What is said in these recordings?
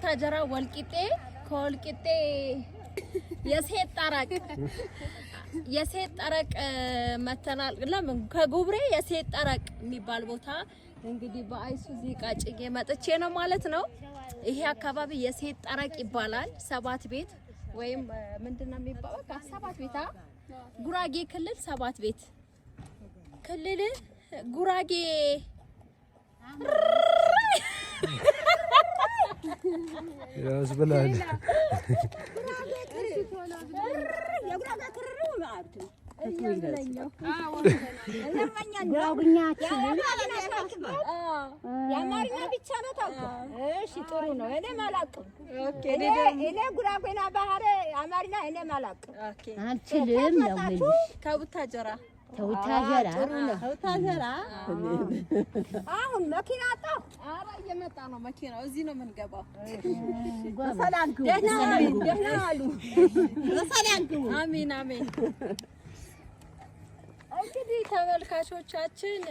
ቡታጀራ ወልቂጤ፣ ከወልቂጤ የሴት ጠረቅ የሴት ጠረቅ መተናል። ለምን ከጉብሬ የሴት ጠረቅ የሚባል ቦታ እንግዲህ በአይሱዚ ቃጭጌ መጥቼ ነው ማለት ነው። ይሄ አካባቢ የሴት ጠረቅ ይባላል። ሰባት ቤት ወይም ምንድነው የሚባለው? ሰባት ቤት ጉራጌ ክልል ሰባት ቤት ክልል ጉራጌ ያዝ ብላል የአማርኛ ብቻ ነው ታውቀው። እሺ ጥሩ ነው። እኔም አላውቅም። እኔ ጉራጌና ባህር አማርኛ እኔም አላውቅም አልችልም። ከቡታጀራ ተውታጀራ ተውታጀራ አሁን መኪና አጣሁ። ኧረ እየመጣ ነው መኪናው። እዚህ ነው የምንገባው። ደህና አሉ። አሜን አሜን። እንግዲህ ተመልካቾቻችን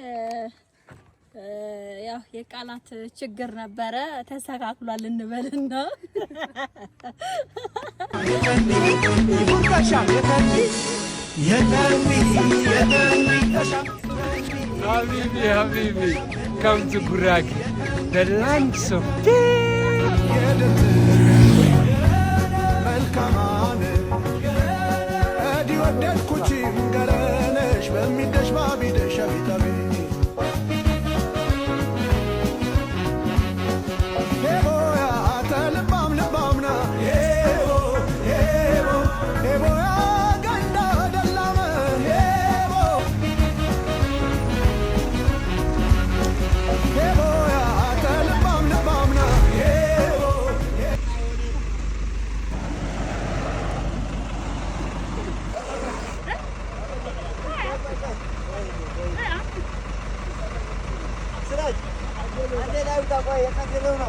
ያው የቃላት ችግር ነበረ፣ ተስተካክሏል እንበልና ነው Habibi, Habibi, come to Buraki, the lands of peace. بابا يكاد يلونه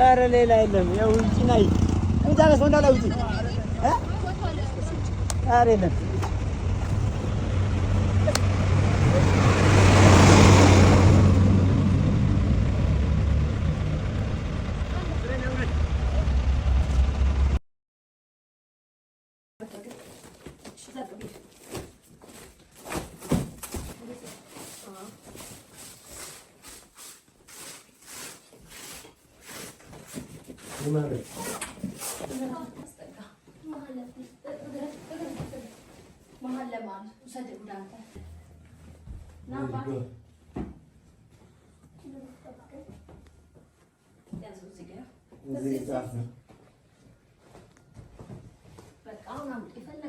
ኧረ ሌላ የለም። ያው ውጪ ናይ እንዳለስ እንዳላ ውጪ ኧረ የለም Bunları. Mahalle var. Sadece buradan. Ne yapar? Yaz uziga. Uziga. Bak anam, ifeller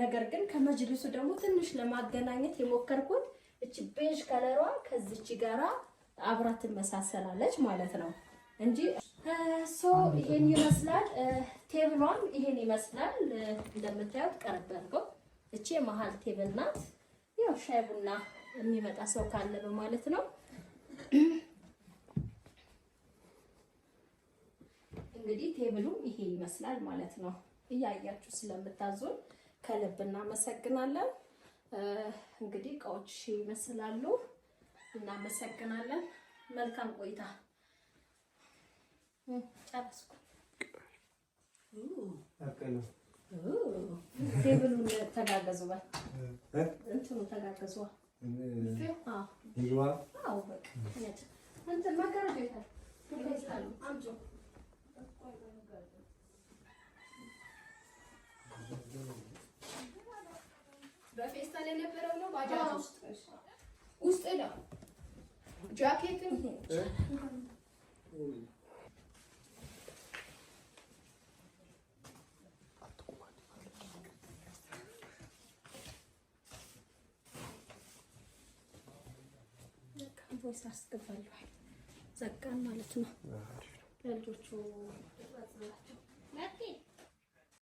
ነገር ግን ከመጅልሱ ደግሞ ትንሽ ለማገናኘት የሞከርኩት እቺ ቤዥ ከለሯ ከዚች ጋራ አብራ ትመሳሰላለች ማለት ነው እንጂ ሶ ይሄን ይመስላል። ቴብሏም ይሄን ይመስላል። እንደምታዩት ቀረብ አድርገው እቺ የመሀል ቴብል ናት። ያው ሻይ ቡና የሚመጣ ሰው ካለ በማለት ነው። እንግዲህ ቴብሉም ይሄ ይመስላል ማለት ነው። እያያችሁ ስለምታዙን ከልብ እናመሰግናለን። እንግዲህ እቃዎች ይመስላሉ። እናመሰግናለን። መልካም ቆይታ። ጨረስኩ። ቴብሉን ተጋገዙበት፣ እንትኑ ተጋገዙ። እንትን መጋረጃ ይታል አምጪው ባጃጅ ውስጥ ውስጥ ነው። ጃኬት ቮይስ አስገባለሁ ዘጋን ማለት ነው ለልጆቹ